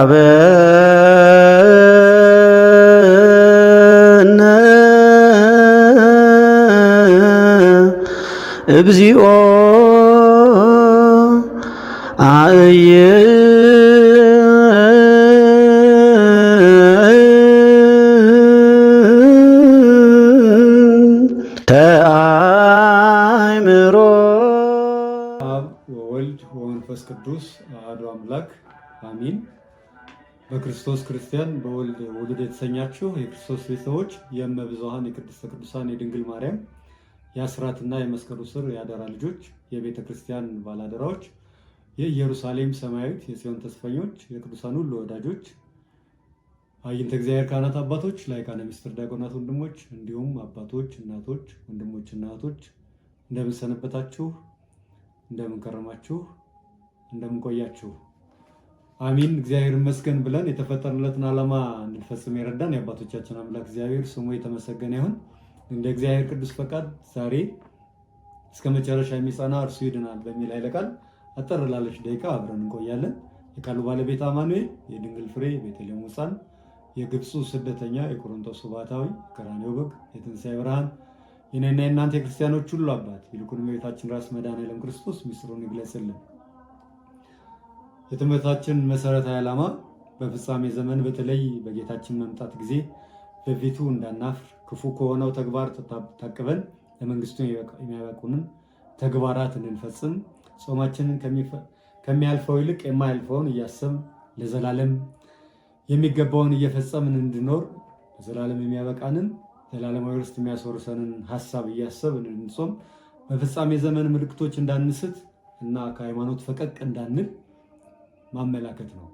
አበነ እግዚኦ አየ በክርስቶስ ክርስቲያን በወልድ ውሉድ የተሰኛችሁ የክርስቶስ ቤተሰቦች የእመብዙኃን የቅድስተ ቅዱሳን የድንግል ማርያም የአስራትና የመስቀሉ ስር የአደራ ልጆች የቤተ ክርስቲያን ባላደራዎች የኢየሩሳሌም ሰማያዊት የሲዮን ተስፈኞች የቅዱሳን ሁሉ ወዳጆች አይንተ እግዚአብሔር ካህናት አባቶች ላይካነ ምስጢር ዲያቆናት ወንድሞች እንዲሁም አባቶች እናቶች ወንድሞች እናቶች እንደምንሰነበታችሁ እንደምንከረማችሁ እንደምንቆያችሁ አሚን እግዚአብሔር ይመስገን ብለን የተፈጠርንለትን ዓላማ እንድንፈጽም የረዳን የአባቶቻችን አምላክ እግዚአብሔር ስሙ የተመሰገነ ይሁን። እንደ እግዚአብሔር ቅዱስ ፈቃድ ዛሬ እስከ መጨረሻ የሚጸና እርሱ ይድናል በሚል ኃይለ ቃል አጠር ላለች ደቂቃ አብረን እንቆያለን። የቃሉ ባለቤት አማኑኤል፣ የድንግል ፍሬ የቤተልሔም ሕፃን፣ የግብፁ ስደተኛ፣ የቆሮንቶስ ባሕታዊ፣ ቀራንዮ በግ፣ የትንሣኤ ብርሃን፣ የኔና የእናንተ የክርስቲያኖች ሁሉ አባት ይልቁንም የቤታችን ራስ መድኃኔዓለም ክርስቶስ ምስጢሩን ይግለጽልን። የትምህርታችን መሰረታዊ ዓላማ በፍጻሜ ዘመን በተለይ በጌታችን መምጣት ጊዜ በፊቱ እንዳናፍር ክፉ ከሆነው ተግባር ታቅበን ለመንግስቱ የሚያበቁንን ተግባራት እንድንፈጽም ጾማችንን ከሚያልፈው ይልቅ የማያልፈውን እያሰብ ለዘላለም የሚገባውን እየፈጸምን እንድኖር ለዘላለም የሚያበቃንን ዘላለማዊ ርስት የሚያስወርሰንን ሀሳብ እያሰብን እንድንጾም በፍጻሜ ዘመን ምልክቶች እንዳንስት እና ከሃይማኖት ፈቀቅ እንዳንል ማመላከት ነው።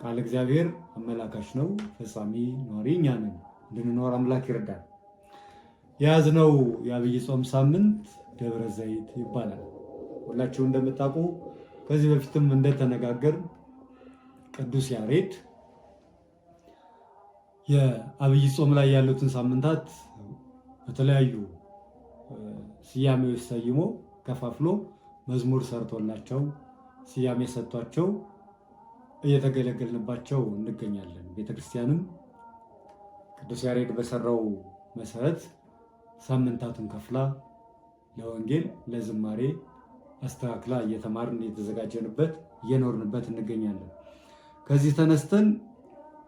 ቃል እግዚአብሔር አመላካች ነው። ፈጻሚ ኗሪ እኛ ነን። እንድንኖር አምላክ ይረዳል። የያዝነው የአብይ ጾም ሳምንት ደብረ ዘይት ይባላል። ሁላችሁ እንደምታውቁ ከዚህ በፊትም እንደተነጋገር ቅዱስ ያሬድ የአብይ ጾም ላይ ያሉትን ሳምንታት በተለያዩ ስያሜዎች ሰይሞ ከፋፍሎ መዝሙር ሰርቶላቸው ስያሜ ሰጥቷቸው እየተገለገልንባቸው እንገኛለን። ቤተክርስቲያንም ቅዱስ ያሬድ በሰራው መሰረት ሳምንታቱን ከፍላ ለወንጌል ለዝማሬ አስተካክላ እየተማርን እየተዘጋጀንበት እየኖርንበት እንገኛለን። ከዚህ ተነስተን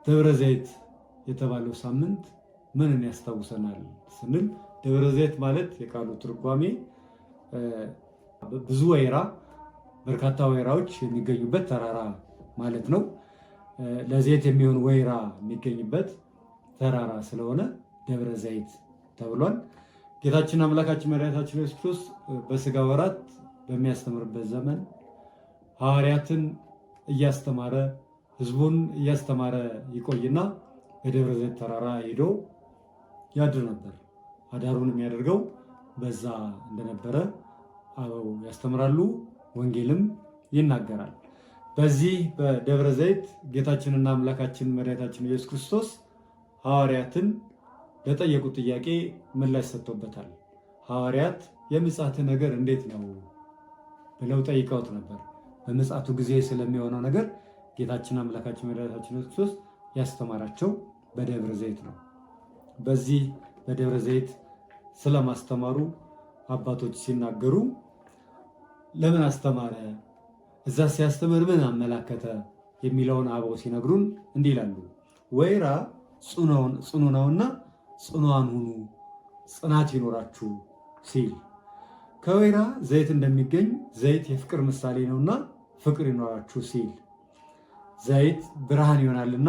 ደብረ ዘይት የተባለው ሳምንት ምንን ያስታውሰናል ስንል ደብረ ዘይት ማለት የቃሉ ትርጓሜ ብዙ ወይራ በርካታ ወይራዎች የሚገኙበት ተራራ ማለት ነው። ለዘይት የሚሆን ወይራ የሚገኝበት ተራራ ስለሆነ ደብረ ዘይት ተብሏል። ጌታችን አምላካችን መድኃኒታችን ኢየሱስ ክርስቶስ በስጋ ወራት በሚያስተምርበት ዘመን ሐዋርያትን እያስተማረ ህዝቡን እያስተማረ ይቆይና በደብረ ዘይት ተራራ ሄዶ ያድር ነበር። አዳሩን የሚያደርገው በዛ እንደነበረ አበው ያስተምራሉ። ወንጌልም ይናገራል። በዚህ በደብረ ዘይት ጌታችንና አምላካችን መድኃኒታችን ኢየሱስ ክርስቶስ ሐዋርያትን ለጠየቁት ጥያቄ ምላሽ ሰጥቶበታል። ሐዋርያት የምጽአት ነገር እንዴት ነው ብለው ጠይቀውት ነበር። በምጽአቱ ጊዜ ስለሚሆነው ነገር ጌታችን አምላካችን መድኃኒታችን ኢየሱስ ክርስቶስ ያስተማራቸው በደብረ ዘይት ነው። በዚህ በደብረ ዘይት ስለማስተማሩ አባቶች ሲናገሩ ለምን አስተማረ፣ እዛ ሲያስተምር ምን አመላከተ የሚለውን አበው ሲነግሩን እንዲህ ይላሉ። ወይራ ጽኑ ነውና ጽኗን ሁኑ፣ ጽናት ይኖራችሁ ሲል ከወይራ ዘይት እንደሚገኝ ዘይት የፍቅር ምሳሌ ነውና ፍቅር ይኖራችሁ ሲል ዘይት ብርሃን ይሆናልና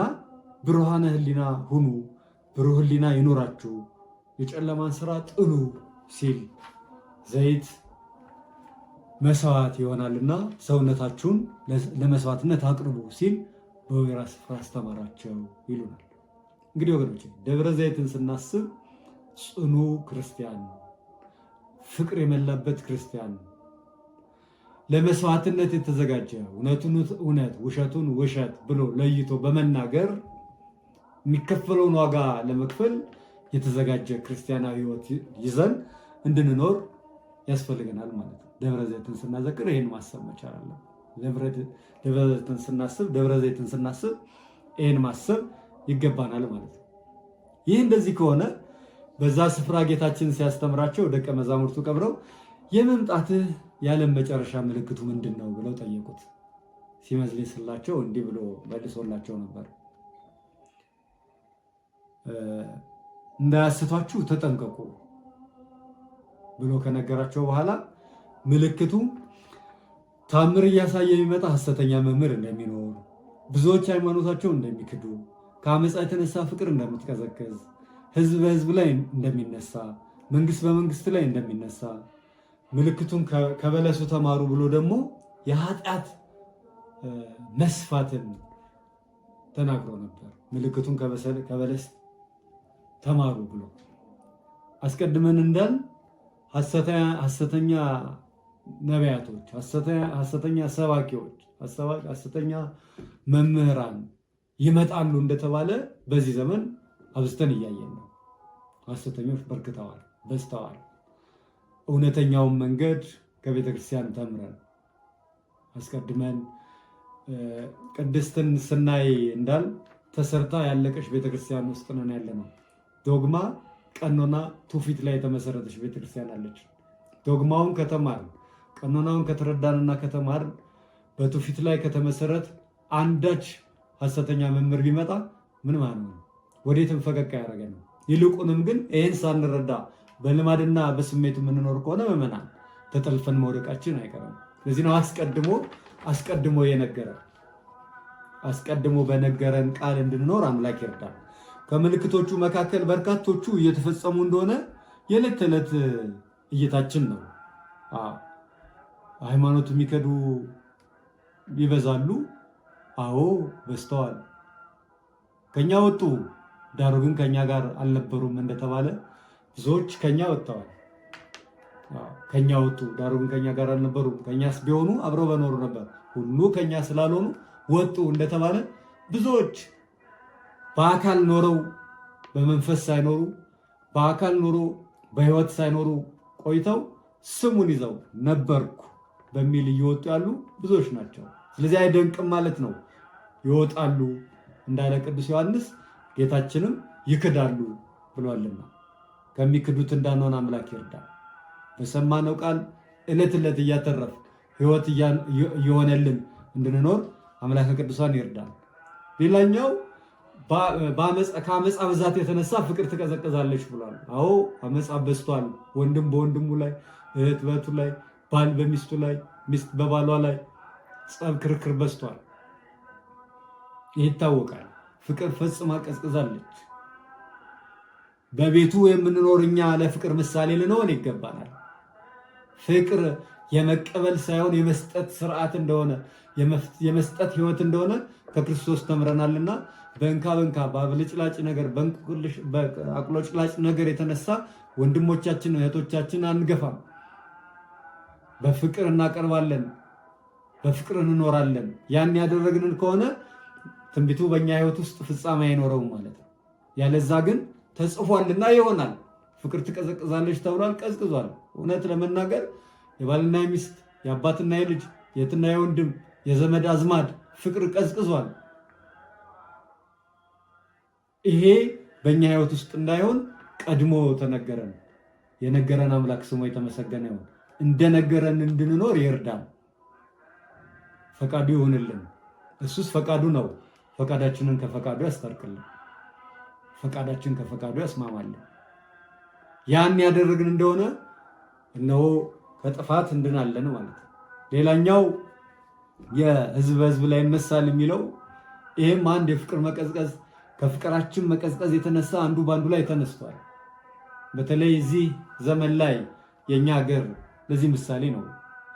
ብርሃነ ህሊና ሁኑ፣ ብሩህ ህሊና ይኖራችሁ፣ የጨለማን ስራ ጥሉ ሲል ዘይት መስዋዕት ይሆናልና ሰውነታችሁን ለመስዋዕትነት አቅርቡ ሲል በወይራ ስፍራ አስተማራቸው ይሉናል። እንግዲህ ወገኖች ደብረ ዘይትን ስናስብ ጽኑ ክርስቲያን፣ ፍቅር የመላበት ክርስቲያን፣ ለመስዋዕትነት የተዘጋጀ እውነቱን እውነት ውሸቱን ውሸት ብሎ ለይቶ በመናገር የሚከፈለውን ዋጋ ለመክፈል የተዘጋጀ ክርስቲያናዊ ሕይወት ይዘን እንድንኖር ያስፈልገናል ማለት ነው። ደብረ ዘይትን ስናዘክር ይህን ማሰብ መቻል አለ። ደብረ ዘይትን ስናስብ፣ ደብረ ዘይትን ስናስብ ይህን ማሰብ ይገባናል ማለት ነው። ይህ እንደዚህ ከሆነ በዛ ስፍራ ጌታችን ሲያስተምራቸው ደቀ መዛሙርቱ ቀብረው የመምጣትህ የዓለም መጨረሻ ምልክቱ ምንድን ነው ብለው ጠየቁት። ሲመልስላቸው እንዲህ ብሎ መልሶላቸው ነበር፣ እንዳያስቷችሁ ተጠንቀቁ ብሎ ከነገራቸው በኋላ ምልክቱ ታምር እያሳየ የሚመጣ ሐሰተኛ መምህር እንደሚኖር፣ ብዙዎች ሃይማኖታቸውን እንደሚክዱ፣ ከአመፃ የተነሳ ፍቅር እንደምትቀዘቅዝ፣ ህዝብ በህዝብ ላይ እንደሚነሳ፣ መንግስት በመንግስት ላይ እንደሚነሳ ምልክቱን ከበለሱ ተማሩ ብሎ ደግሞ የኃጢአት መስፋትን ተናግሮ ነበር። ምልክቱን ከበለስ ተማሩ ብሎ አስቀድመን እንዳል ሐሰተኛ ነቢያቶች፣ ሐሰተኛ ሰባኪዎች፣ ሐሰተኛ መምህራን ይመጣሉ እንደተባለ በዚህ ዘመን አብዝተን እያየን ነው። ሐሰተኞች በርክተዋል፣ በዝተዋል። እውነተኛውን መንገድ ከቤተክርስቲያን ተምረን አስቀድመን ቅድስትን ስናይ እንዳል ተሰርታ ያለቀች ቤተክርስቲያን ውስጥ ነን ያለ ነው ዶግማ ቀኖና ትውፊት ላይ የተመሰረተች ቤተክርስቲያን አለች። ዶግማውን ከተማርን ቀኖናውን ከተረዳንና ከተማርን በትውፊት ላይ ከተመሰረት አንዳች ሀሰተኛ መምህር ቢመጣ ምን ማለት ነው? ወዴትም ፈቀቅ ያደረገን። ይልቁንም ግን ይህን ሳንረዳ በልማድና በስሜት የምንኖር ከሆነ ምዕመናን ተጠልፈን መውደቃችን አይቀርም። ለዚህ ነው አስቀድሞ አስቀድሞ የነገረ አስቀድሞ በነገረን ቃል እንድንኖር አምላክ ይርዳል። ከምልክቶቹ መካከል በርካቶቹ እየተፈጸሙ እንደሆነ የዕለት ተዕለት እይታችን ነው። ሃይማኖት የሚከዱ ይበዛሉ። አዎ በዝተዋል። ከኛ ወጡ፣ ዳሩ ግን ከኛ ጋር አልነበሩም እንደተባለ ብዙዎች ከኛ ወጥተዋል። ከኛ ወጡ፣ ዳሩ ግን ከኛ ጋር አልነበሩም፣ ከኛስ ቢሆኑ አብረው በኖሩ ነበር፣ ሁሉ ከኛ ስላልሆኑ ወጡ እንደተባለ ብዙዎች በአካል ኖረው በመንፈስ ሳይኖሩ በአካል ኖሮ በህይወት ሳይኖሩ ቆይተው ስሙን ይዘው ነበርኩ በሚል እየወጡ ያሉ ብዙዎች ናቸው። ስለዚህ አይደንቅም ማለት ነው። ይወጣሉ እንዳለ ቅዱስ ዮሐንስ ጌታችንም ይክዳሉ ብሏልና ከሚክዱት እንዳንሆን አምላክ ይርዳል። በሰማነው ቃል ዕለት ዕለት እያተረፍ ህይወት እየሆነልን እንድንኖር አምላከ ቅዱሳን ይርዳል። ሌላኛው ከአመፃ ብዛት የተነሳ ፍቅር ትቀዘቅዛለች ብሏል። አዎ አመፃ በዝቷል። ወንድም በወንድሙ ላይ፣ እህት በእህቱ ላይ፣ ባል በሚስቱ ላይ፣ ሚስት በባሏ ላይ ጸብ፣ ክርክር በዝቷል። ይህ ይታወቃል። ፍቅር ፈጽማ ቀዝቅዛለች። በቤቱ የምንኖር እኛ ለፍቅር ምሳሌ ልንሆን ይገባናል። ፍቅር የመቀበል ሳይሆን የመስጠት ስርዓት እንደሆነ የመስጠት ህይወት እንደሆነ ከክርስቶስ ተምረናልና በእንካ በእንካ በአብልጭላጭ ነገር በአቁሎጭላጭ ነገር የተነሳ ወንድሞቻችን እህቶቻችን አንገፋም። በፍቅር እናቀርባለን፣ በፍቅር እንኖራለን። ያን ያደረግንን ከሆነ ትንቢቱ በእኛ ህይወት ውስጥ ፍጻሜ አይኖረውም ማለት ነው። ያለዛ ግን ተጽፏልና ይሆናል። ፍቅር ትቀዘቅዛለች ተብሏል፣ ቀዝቅዟል። እውነት ለመናገር የባልና የሚስት የአባትና የልጅ የትና የወንድም የዘመድ አዝማድ ፍቅር ቀዝቅዟል። ይሄ በእኛ ህይወት ውስጥ እንዳይሆን ቀድሞ ተነገረን። የነገረን አምላክ ስሙ የተመሰገነ ይሁን። እንደነገረን እንድንኖር ይርዳን፣ ፈቃዱ ይሁንልን። እሱስ ፈቃዱ ነው። ፈቃዳችንን ከፈቃዱ ያስታርቅልን፣ ፈቃዳችን ከፈቃዱ ያስማማልን። ያን ያደረግን እንደሆነ እነሆ ከጥፋት እንድናለን ማለት ነው። ሌላኛው የህዝብ በህዝብ ላይ መሳል የሚለው ይህም አንድ የፍቅር መቀዝቀዝ ከፍቅራችን መቀዝቀዝ የተነሳ አንዱ በአንዱ ላይ ተነስቷል። በተለይ እዚህ ዘመን ላይ የእኛ ሀገር ለዚህ ምሳሌ ነው።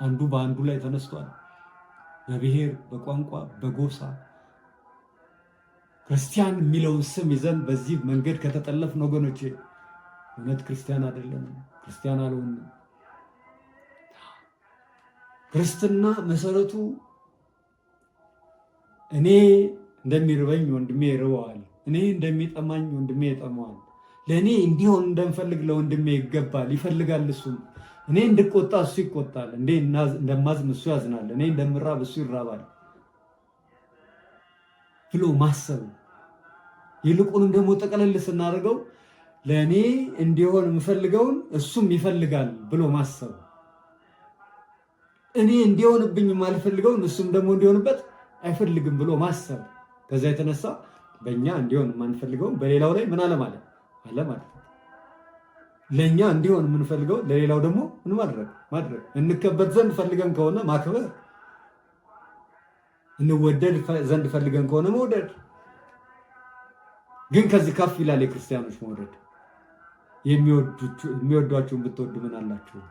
አንዱ በአንዱ ላይ ተነስቷል። በብሔር፣ በቋንቋ፣ በጎሳ ክርስቲያን የሚለውን ስም ይዘን በዚህ መንገድ ከተጠለፍን ወገኖቼ እውነት ክርስቲያን አይደለንም፣ ክርስቲያን አልሆንም። ክርስትና መሰረቱ እኔ እንደሚርበኝ ወንድሜ ይርበዋል እኔ እንደሚጠማኝ ወንድሜ ይጠማዋል። ለእኔ እንዲሆን እንደምፈልግ ለወንድሜ ይገባል፣ ይፈልጋል። እሱም እኔ እንድቆጣ እሱ ይቆጣል። እንዴ እንደማዝን እሱ ያዝናል። እኔ እንደምራብ እሱ ይራባል ብሎ ማሰብ ይልቁንም ደግሞ ጠቅለል ስናደርገው ለእኔ እንዲሆን የምፈልገውን እሱም ይፈልጋል ብሎ ማሰብ፣ እኔ እንዲሆንብኝ የማልፈልገውን እሱም ደግሞ እንዲሆንበት አይፈልግም ብሎ ማሰብ ከዛ የተነሳ በእኛ እንዲሆን የማንፈልገውን በሌላው ላይ ምን አለ ማለት አለ ማለት ለእኛ እንዲሆን የምንፈልገው ለሌላው ደግሞ ምን ማድረግ ማድረግ እንከበድ ዘንድ ፈልገን ከሆነ ማክበር፣ እንወደድ ዘንድ ፈልገን ከሆነ መውደድ። ግን ከዚህ ከፍ ይላል የክርስቲያኖች መውደድ። የሚወዷችሁን ብትወዱ ምን አላችሁ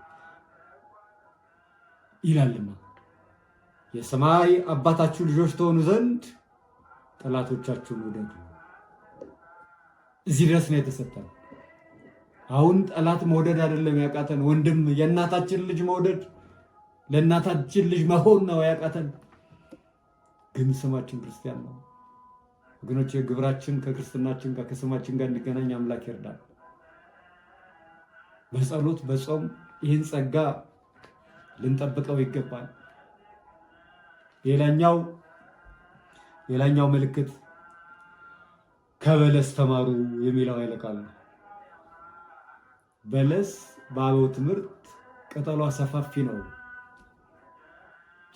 ይላልማ የሰማይ አባታችሁ ልጆች ተሆኑ ዘንድ ጠላቶቻችሁን ውደዱ። እዚህ ድረስ ነው የተሰጠን። አሁን ጠላት መውደድ አይደለም ያቃተን ወንድም የእናታችን ልጅ መውደድ ለእናታችን ልጅ መሆን ነው ያቃተን። ግን ስማችን ክርስቲያን ነው ወገኖች። ግብራችን ከክርስትናችን ጋር ከስማችን ጋር እንገናኝ አምላክ ይርዳል። በጸሎት በጾም ይህን ጸጋ ልንጠብቀው ይገባል። ሌላኛው ሌላኛው ምልክት ከበለስ ተማሩ የሚለው ኃይለ ቃል ነው። በለስ በአበው ትምህርት ቅጠሏ ሰፋፊ ነው።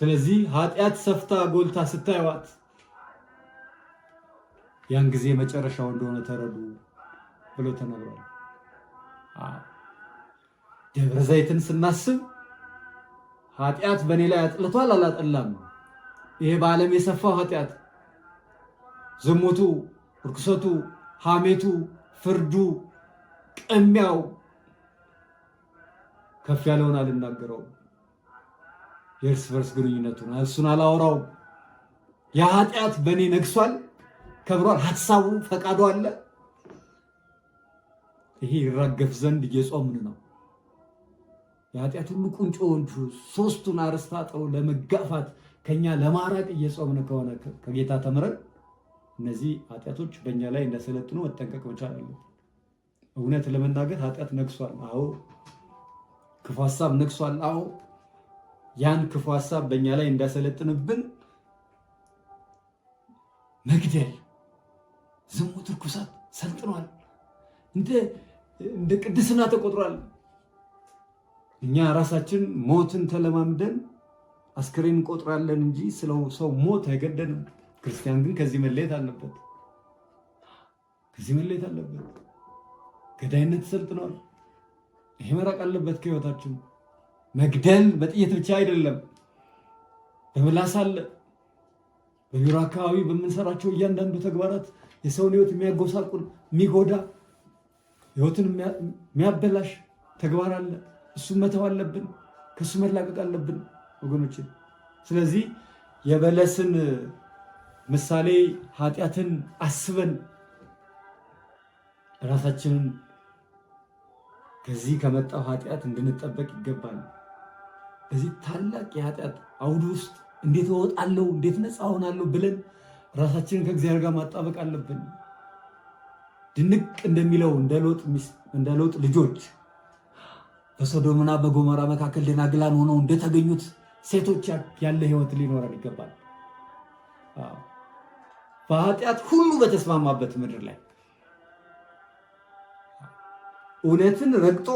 ስለዚህ ኃጢአት ሰፍታ ጎልታ ስታይዋት ያን ጊዜ መጨረሻው እንደሆነ ተረዱ ብሎ ተነግሯል። ደብረ ዘይትን ስናስብ ኃጢአት በእኔ ላይ አጥልቷል አላጠላም? ይሄ በዓለም የሰፋው ኃጢአት ዝሙቱ፣ ርኩሰቱ፣ ሐሜቱ፣ ፍርዱ፣ ቅሚያው ከፍ ያለውን አልናገረውም። የእርስ በርስ ግንኙነቱን እሱን አላወራውም። የኃጢአት በእኔ ነግሷል፣ ከብሯል፣ ሀሳቡ ፈቃዱ አለ። ይሄ ይራገፍ ዘንድ እየጾምን ነው። የኃጢአት ሁሉ ቁንጮዎቹ ሶስቱን አርስታጠው ለመጋፋት ከኛ ለማራቅ እየጾምን ከሆነ ከጌታ ተምረን እነዚህ ኃጢአቶች በእኛ ላይ እንደሰለጥኖ መጠንቀቅ መቻል አለብን። እውነት ለመናገር ኃጢአት ነግሷል። አዎ ክፉ ሀሳብ ነግሷል። አዎ ያን ክፉ ሀሳብ በእኛ ላይ እንዳሰለጥንብን መግደል፣ ዝሙት፣ ርኩሳት ሰልጥኗል። እንደ ቅድስና ተቆጥሯል። እኛ ራሳችን ሞትን ተለማምደን አስክሬን እንቆጥራለን እንጂ ስለ ሰው ሞት አይገደንም። ክርስቲያን ግን ከዚህ መለየት አለበት፣ ከዚህ መለየት አለበት። ገዳይነት ተሰልጥኗል። ይሄ መራቅ አለበት ከህይወታችን። መግደል በጥይት ብቻ አይደለም፣ በምላስ አለ። በቢሮ አካባቢ በምንሰራቸው እያንዳንዱ ተግባራት የሰውን ህይወት የሚያጎሳቁል የሚጎዳ ህይወትን የሚያበላሽ ተግባር አለ። እሱም መተው አለብን፣ ከእሱ መላቀቅ አለብን ወገኖችን። ስለዚህ የበለስን ምሳሌ ኃጢአትን አስበን ራሳችንን ከዚህ ከመጣው ኃጢአት እንድንጠበቅ ይገባል። በዚህ ታላቅ የኃጢአት አውድ ውስጥ እንዴት እወጣለሁ፣ እንዴት ነፃ እሆናለሁ ብለን ራሳችንን ከእግዚአብሔር ጋር ማጣበቅ አለብን። ድንቅ እንደሚለው እንደ ሎጥ ልጆች በሶዶምና በጎሞራ መካከል ደናግላን ሆነው እንደተገኙት ሴቶች ያለ ህይወት ሊኖረን ይገባል። በኃጢአት ሁሉ በተስማማበት ምድር ላይ እውነትን ረግጦ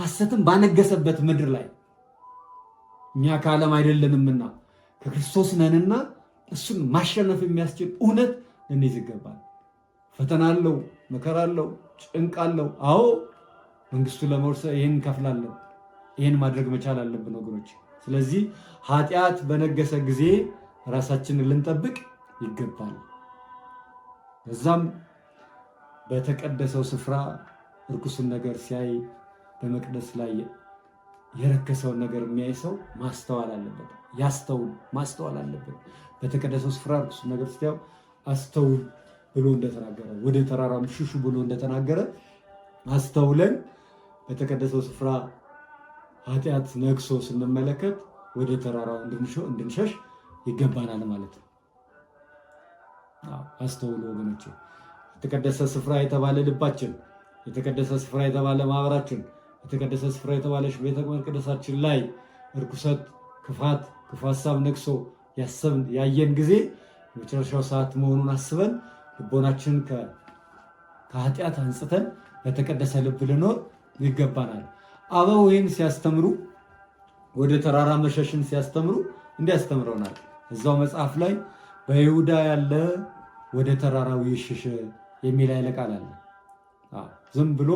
ሐሰትን ባነገሰበት ምድር ላይ እኛ ከዓለም አይደለንምና ከክርስቶስ ነንና እሱን ማሸነፍ የሚያስችል እውነት እንይዝ ይገባል። ፈተና አለው፣ መከራ አለው፣ ጭንቅ አለው። አዎ መንግስቱ ለመውርሰ ይህን እንከፍላለን። ይህን ማድረግ መቻል አለብን ወገኖች። ስለዚህ ኃጢአት በነገሰ ጊዜ ራሳችንን ልንጠብቅ ይገባል። በዛም በተቀደሰው ስፍራ እርኩስን ነገር ሲያይ በመቅደስ ላይ የረከሰውን ነገር የሚያይ ሰው ማስተዋል አለበት። ያስተውል፣ ማስተዋል አለበት። በተቀደሰው ስፍራ እርኩስን ነገር ሲያው አስተውል ብሎ እንደተናገረ ወደ ተራራም ሽሹ ብሎ እንደተናገረ አስተውለን በተቀደሰው ስፍራ ኃጢአት ነግሶ ስንመለከት ወደ ተራራው እንድንሸሽ ይገባናል ማለት ነው። አስተውሉ ወገኖች። የተቀደሰ ስፍራ የተባለ ልባችን፣ የተቀደሰ ስፍራ የተባለ ማህበራችን፣ የተቀደሰ ስፍራ የተባለች ቤተ መቅደሳችን ላይ እርኩሰት፣ ክፋት፣ ክፉ ሀሳብ ነግሶ ያየን ጊዜ የመጨረሻው ሰዓት መሆኑን አስበን ልቦናችን ከኃጢአት አንጽተን በተቀደሰ ልብ ልኖር ይገባናል። አበው ይህን ሲያስተምሩ ወደ ተራራ መሸሽን ሲያስተምሩ እንዲያስተምረውናል እዛው መጽሐፍ ላይ በይሁዳ ያለ ወደ ተራራው ይሽሽ የሚል ኃይለ ቃል አለ። ዝም ብሎ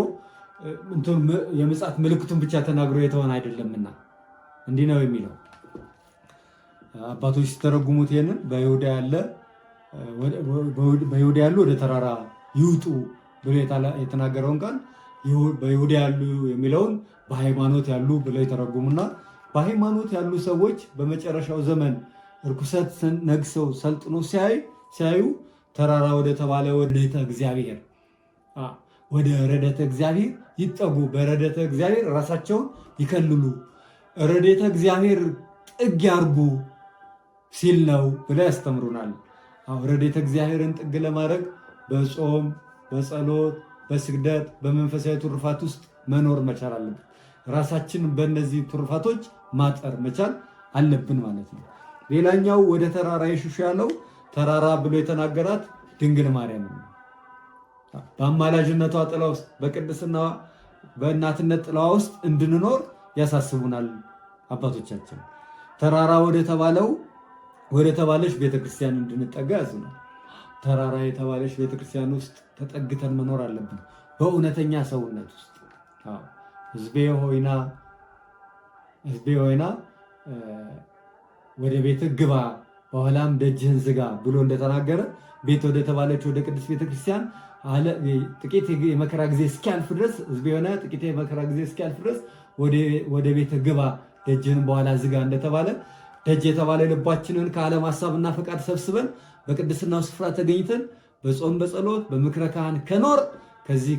የምጽአት ምልክቱን ብቻ ተናግሮ የተሆነ አይደለምና እንዲህ ነው የሚለው። አባቶች ሲተረጉሙት ይህንን በይሁዳ ያለ በይሁዳ ያሉ ወደ ተራራ ይውጡ ብሎ የተናገረውን ቃል በይሁዳ ያሉ የሚለውን በሃይማኖት ያሉ ብለው የተረጉሙና በሃይማኖት ያሉ ሰዎች በመጨረሻው ዘመን እርኩሰት ነግሰው ሰልጥኖ ሲያዩ ተራራ ወደ ተባለ ወደተ እግዚአብሔር ወደ ረደተ እግዚአብሔር ይጠጉ፣ በረደተ እግዚአብሔር ራሳቸውን ይከልሉ፣ ረደተ እግዚአብሔር ጥግ ያርጉ ሲል ነው ብለ ያስተምሩናል። ረደተ እግዚአብሔርን ጥግ ለማድረግ በጾም በጸሎት በስግደት በመንፈሳዊ ትሩፋት ውስጥ መኖር መቻል አለብን። ራሳችን በእነዚህ ትሩፋቶች ማጠር መቻል አለብን ማለት ነው። ሌላኛው ወደ ተራራ የሹሽ ያለው ተራራ ብሎ የተናገራት ድንግል ማርያም ነው። በአማላጅነቷ ጥላ ውስጥ በቅድስና በእናትነት ጥላ ውስጥ እንድንኖር ያሳስቡናል አባቶቻችን። ተራራ ወደ ተባለው ወደ ተባለች ቤተክርስቲያን እንድንጠጋ ያዙናል። ተራራ የተባለች ቤተክርስቲያን ውስጥ ተጠግተን መኖር አለብን፣ በእውነተኛ ሰውነት ውስጥ ህዝቤ ሆይና ህዝቤ ሆይና ወደ ቤት ግባ፣ በኋላም ደጅህን ዝጋ ብሎ እንደተናገረ ቤት ወደ ተባለች ወደ ቅዱስ ቤተክርስቲያን ጥቂት የመከራ ጊዜ እስኪያልፍ ድረስ ህዝብ የሆነ ጥቂት የመከራ ጊዜ እስኪያልፍ ድረስ ወደ ቤት ግባ፣ ደጅህን በኋላ ዝጋ እንደተባለ ደጅ የተባለ ልባችንን ከዓለም ሀሳብና ፈቃድ ሰብስበን በቅድስናው ስፍራ ተገኝተን በጾም በጸሎት በምክረ ካህን ከኖር ከዚህ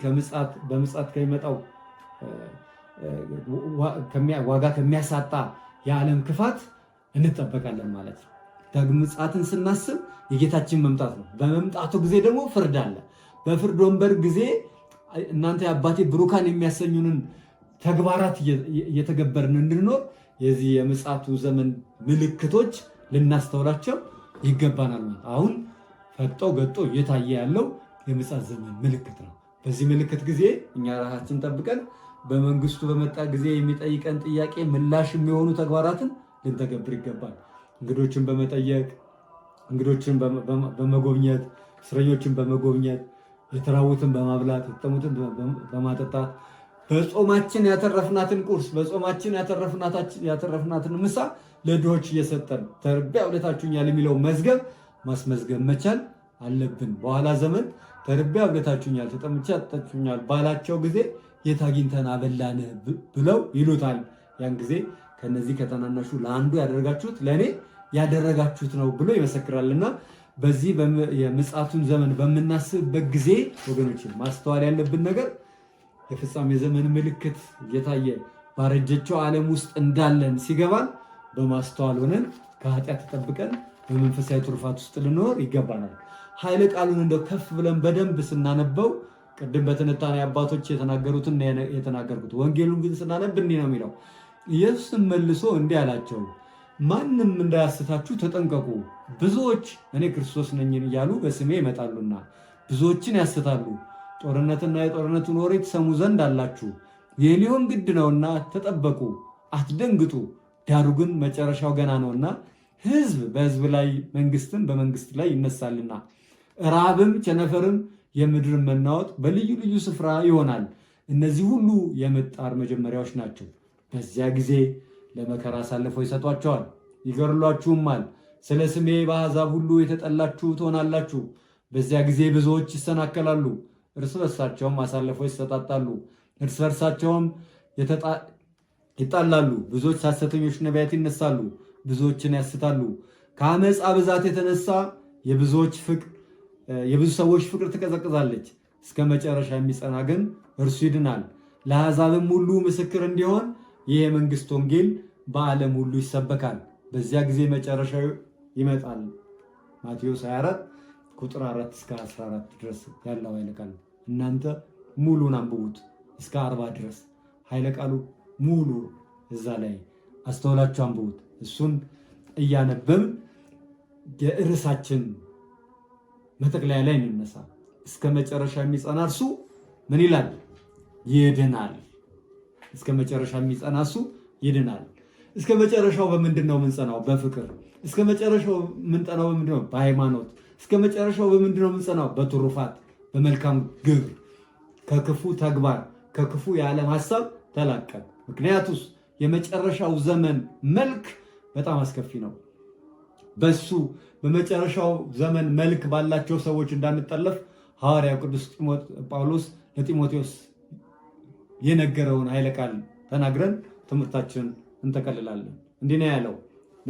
በምጻት ከሚመጣው ዋጋ ከሚያሳጣ የዓለም ክፋት እንጠበቃለን ማለት ነው። ዳግም ምጽአትን ስናስብ የጌታችን መምጣት ነው። በመምጣቱ ጊዜ ደግሞ ፍርድ አለ። በፍርድ ወንበር ጊዜ እናንተ የአባቴ ብሩካን የሚያሰኙንን ተግባራት እየተገበርን እንድንኖር የዚህ የምጽአቱ ዘመን ምልክቶች ልናስተውላቸው ይገባናል ማለት አሁን ፈጦ ገጦ እየታየ ያለው የምጽአት ዘመን ምልክት ነው። በዚህ ምልክት ጊዜ እኛ ራሳችን ጠብቀን በመንግስቱ በመጣ ጊዜ የሚጠይቀን ጥያቄ ምላሽ የሚሆኑ ተግባራትን ልንተገብር ይገባል። እንግዶችን በመጠየቅ እንግዶችን በመጎብኘት እስረኞችን በመጎብኘት የተራቡትን በማብላት የተጠሙትን በማጠጣት በጾማችን ያተረፍናትን ቁርስ በጾማችን ያተረፍናትን ምሳ ለድሆች እየሰጠን ተርቢያ ውለታችሁኛል የሚለው መዝገብ ማስመዝገብ መቻል አለብን። በኋላ ዘመን ተርቢያ ውለታችሁኛል፣ ተጠምቼ አጠጣችሁኛል ባላቸው ጊዜ የት አግኝተን አበላን ብለው ይሉታል ያን ጊዜ ከነዚህ ከታናናሹ ለአንዱ ያደረጋችሁት ለእኔ ያደረጋችሁት ነው ብሎ ይመሰክራልና በዚህ የምጽአቱን ዘመን በምናስብበት ጊዜ ወገኖች ማስተዋል ያለብን ነገር የፍጻሜ ዘመን ምልክት እየታየ ባረጀችው ዓለም ውስጥ እንዳለን ሲገባን በማስተዋል ሆነን ከኃጢአት ተጠብቀን በመንፈሳዊ ትሩፋት ውስጥ ልንኖር ይገባናል። ኃይለ ቃሉን እንደው ከፍ ብለን በደንብ ስናነበው ቅድም በትንታኔ አባቶች የተናገሩትን የተናገርኩት፣ ወንጌሉን ግን ስናነብ እኔ ነው የሚለው ኢየሱስም መልሶ እንዲህ አላቸው፣ ማንም እንዳያስታችሁ ተጠንቀቁ። ብዙዎች እኔ ክርስቶስ ነኝ እያሉ በስሜ ይመጣሉና ብዙዎችን ያስታሉ። ጦርነትና የጦርነቱን ወሬ ትሰሙ ዘንድ አላችሁ። ይህ ሊሆን ግድ ነውና ተጠበቁ፣ አትደንግጡ። ዳሩ ግን መጨረሻው ገና ነውና ሕዝብ በሕዝብ ላይ መንግስትም በመንግስት ላይ ይነሳልና ራብም ቸነፈርም የምድር መናወጥ በልዩ ልዩ ስፍራ ይሆናል። እነዚህ ሁሉ የምጣር መጀመሪያዎች ናቸው። በዚያ ጊዜ ለመከራ አሳልፈው ይሰጧቸዋል፣ ይገርሏችሁማል። ስለ ስሜ በአሕዛብ ሁሉ የተጠላችሁ ትሆናላችሁ። በዚያ ጊዜ ብዙዎች ይሰናከላሉ፣ እርስ በርሳቸውም አሳልፈው ይሰጣጣሉ፣ እርስ በርሳቸውም ይጣላሉ። ብዙዎች ሐሰተኞች ነቢያት ይነሳሉ፣ ብዙዎችን ያስታሉ። ከአመፃ ብዛት የተነሳ የብዙዎች ፍቅር የብዙ ሰዎች ፍቅር ትቀዘቅዛለች። እስከ መጨረሻ የሚጸና ግን እርሱ ይድናል። ለአሕዛብም ሁሉ ምስክር እንዲሆን ይህ የመንግስት ወንጌል በዓለም ሁሉ ይሰበካል፣ በዚያ ጊዜ መጨረሻው ይመጣል። ማቴዎስ 24 ቁጥር 4 እስከ 14 ድረስ ያለው ኃይለ ቃል እናንተ ሙሉን አንብቡት እስከ 40 ድረስ ኃይለ ቃሉ ሙሉ እዛ ላይ አስተውላችሁ አንብቡት። እሱን እያነበብ የርዕሳችን መጠቅለያ ላይ የሚነሳ እስከ መጨረሻ የሚጸና እርሱ ምን ይላል? ይድናል። እስከ መጨረሻ የሚጸና እሱ ይድናል። እስከ መጨረሻው በምንድን ነው የምንጸናው? በፍቅር። እስከ መጨረሻው የምንጸናው በምንድን ነው? በሃይማኖት። እስከ መጨረሻው በምንድን ነው የምንጸናው? በትሩፋት፣ በመልካም ግብር፣ ከክፉ ተግባር፣ ከክፉ የዓለም ሀሳብ ተላቀቅ። ምክንያቱስ የመጨረሻው ዘመን መልክ በጣም አስከፊ ነው። በሱ በመጨረሻው ዘመን መልክ ባላቸው ሰዎች እንዳንጠለፍ ሐዋርያው ቅዱስ ጳውሎስ ለጢሞቴዎስ የነገረውን ኃይለ ቃል ተናግረን ትምህርታችንን እንጠቀልላለን። እንዲህ ነው ያለው።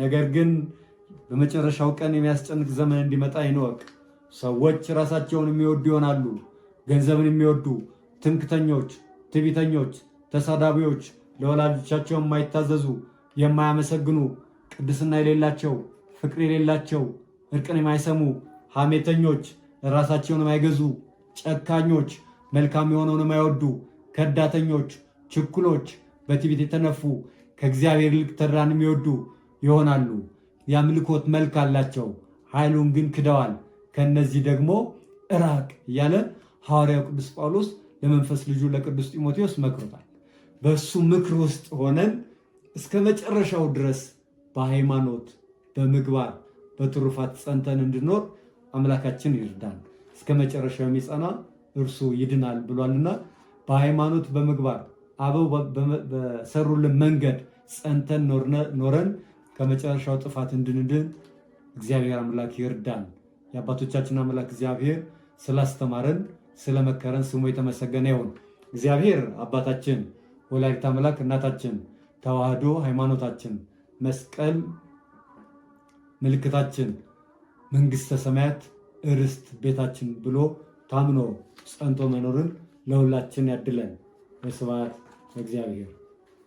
ነገር ግን በመጨረሻው ቀን የሚያስጨንቅ ዘመን እንዲመጣ ይንወቅ። ሰዎች ራሳቸውን የሚወዱ ይሆናሉ፣ ገንዘብን የሚወዱ፣ ትምክተኞች፣ ትቢተኞች ተሳዳቢዎች፣ ለወላጆቻቸው የማይታዘዙ፣ የማያመሰግኑ፣ ቅድስና የሌላቸው፣ ፍቅር የሌላቸው፣ እርቅን የማይሰሙ፣ ሐሜተኞች፣ ራሳቸውን የማይገዙ፣ ጨካኞች፣ መልካም የሆነውን የማይወዱ ከዳተኞች፣ ችኩሎች፣ በትዕቢት የተነፉ ከእግዚአብሔር ይልቅ ተድላን የሚወዱ ይሆናሉ። የአምልኮት መልክ አላቸው፣ ኃይሉን ግን ክደዋል። ከእነዚህ ደግሞ እራቅ እያለ ሐዋርያው ቅዱስ ጳውሎስ ለመንፈስ ልጁ ለቅዱስ ጢሞቴዎስ መክሮታል። በእሱ ምክር ውስጥ ሆነን እስከ መጨረሻው ድረስ በሃይማኖት በምግባር በትሩፋት ጸንተን እንድኖር አምላካችን ይርዳን። እስከ መጨረሻው የሚጸና እርሱ ይድናል ብሏልና በሃይማኖት በምግባር አበው በሰሩልን መንገድ ጸንተን ኖረን ከመጨረሻው ጥፋት እንድንድን እግዚአብሔር አምላክ ይርዳን። የአባቶቻችን አምላክ እግዚአብሔር ስላስተማረን ስለመከረን ስሙ የተመሰገነ ይሁን። እግዚአብሔር አባታችን ወላዲተ አምላክ እናታችን ተዋህዶ ሃይማኖታችን መስቀል ምልክታችን መንግስተ ሰማያት እርስት ቤታችን ብሎ ታምኖ ጸንቶ መኖርን ለሁላችን ያድለን። ስብሐት እግዚአብሔር